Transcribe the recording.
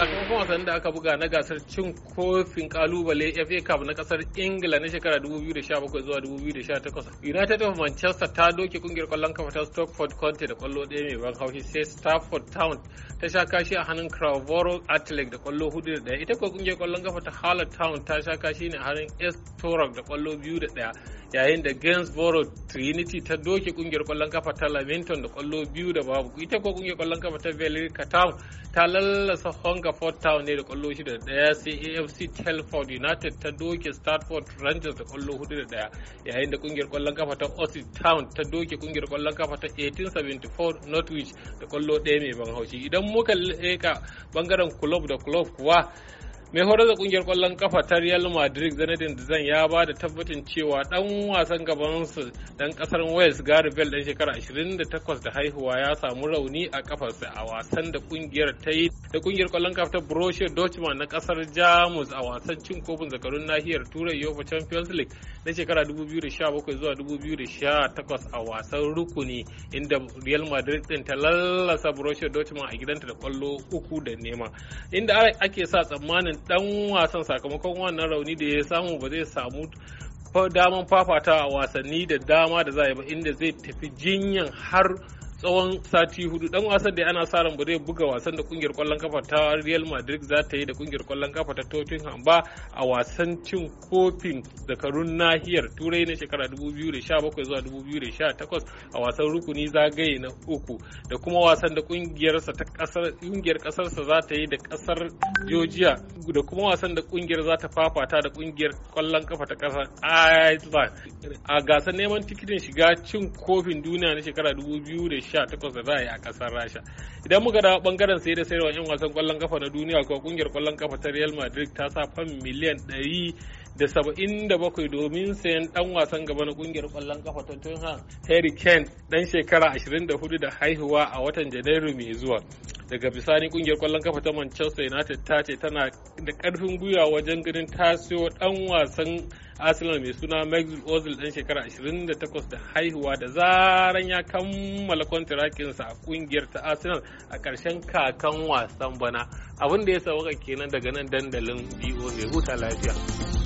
Thank you. sakamakon wasan da aka buga na gasar cin kofin kalubale FA Cup na kasar Ingila na shekara 2017 zuwa 2018. United of Manchester ta doke kungiyar kwallon kafa ta Stockford County da kwallo ɗaya mai ban haushi sai Stafford Town ta sha kashi a hannun Cravoro Athletic da kwallo hudu da ɗaya. Ita kuwa kungiyar kwallon kafa ta Hull Town ta sha kashi ne a hannun estorok da kwallo biyu da ɗaya. Yayin da Gainsborough Trinity ta doke kungiyar kwallon kafa ta Lamington da kwallo biyu da babu. Ita kuwa kungiyar kwallon kafa ta Velirka Town ta lallasa Hungerford Town ne da kwallo shida da daya sai AFC Telford United ta doke Stratford Rangers da kwallo hudu da daya yayin da kungiyar kwallon kafa ta Ossie Town ta doke kungiyar kwallon kafa ta 1874 Northwich da kwallo daya mai ban haushi idan muka leka bangaren club da club kuwa mai horar da kungiyar kwallon kafa ta real madrid zanadin zan ya ba da tabbacin cewa dan wasan gabansu dan kasar wales gary bell dan shekara 28 da haihuwa ya samu rauni a kafarsa a wasan da kungiyar ta yi da kungiyar kwallon kafa ta borussia dortmund na kasar jamus a wasan cin kofin zakarun nahiyar turai yofa champions league na shekara 2017 zuwa 2018 a wasan rukuni inda real madrid din ta lallasa borussia dortmund a gidanta da kwallo uku da nema inda ake sa tsammanin dan wasan sakamakon wannan rauni da ya samu ba zai samu daman fafata a wasanni da dama da za yi ba inda zai tafi jinyan har tsawon sati hudu dan wasan da ana sa ran ba zai buga wasan da kungiyar kwallon kafa ta Real Madrid za ta yi da kungiyar kwallon kafa ta Tottenham ba a wasan cin kofin zakarun nahiyar Turai na shekara 2017 zuwa 2018 a wasan rukuni zagaye na uku da kuma wasan da sa ta kasar kungiyar sa za ta yi da kasar Georgia da kuma wasan da kungiyar za ta fafata da kungiyar kwallon kafa ta kasar Iceland a gasar neman tikitin shiga cin kofin duniya na shekara 2018 18 da za a yi a kasar rasha idan muka dawo bangaren sai da sayarwa yan wasan kwallon kafa na duniya ko kungiyar kwallon kafa ta real madrid ta sa fam miliyan 100 da saba'in da bakwai domin sayan dan wasan gaba na kungiyar kwallon kafa ta Tottenham Harry Kane dan shekara 24 da haihuwa a watan Janairu mai zuwa. Daga bisani kungiyar kwallon kafa ta Manchester United ta ce tana da karfin gwiwa wajen ganin ta siyo dan wasan arsenal mai suna maxwell ozil ɗan shekara 28 da haihuwa da zaran ya kammala kontirakinsa a ƙungiyar ta arsenal a ƙarshen kakan wasan bana abin da ya sauka kenan daga nan dandalin voa huta lafiya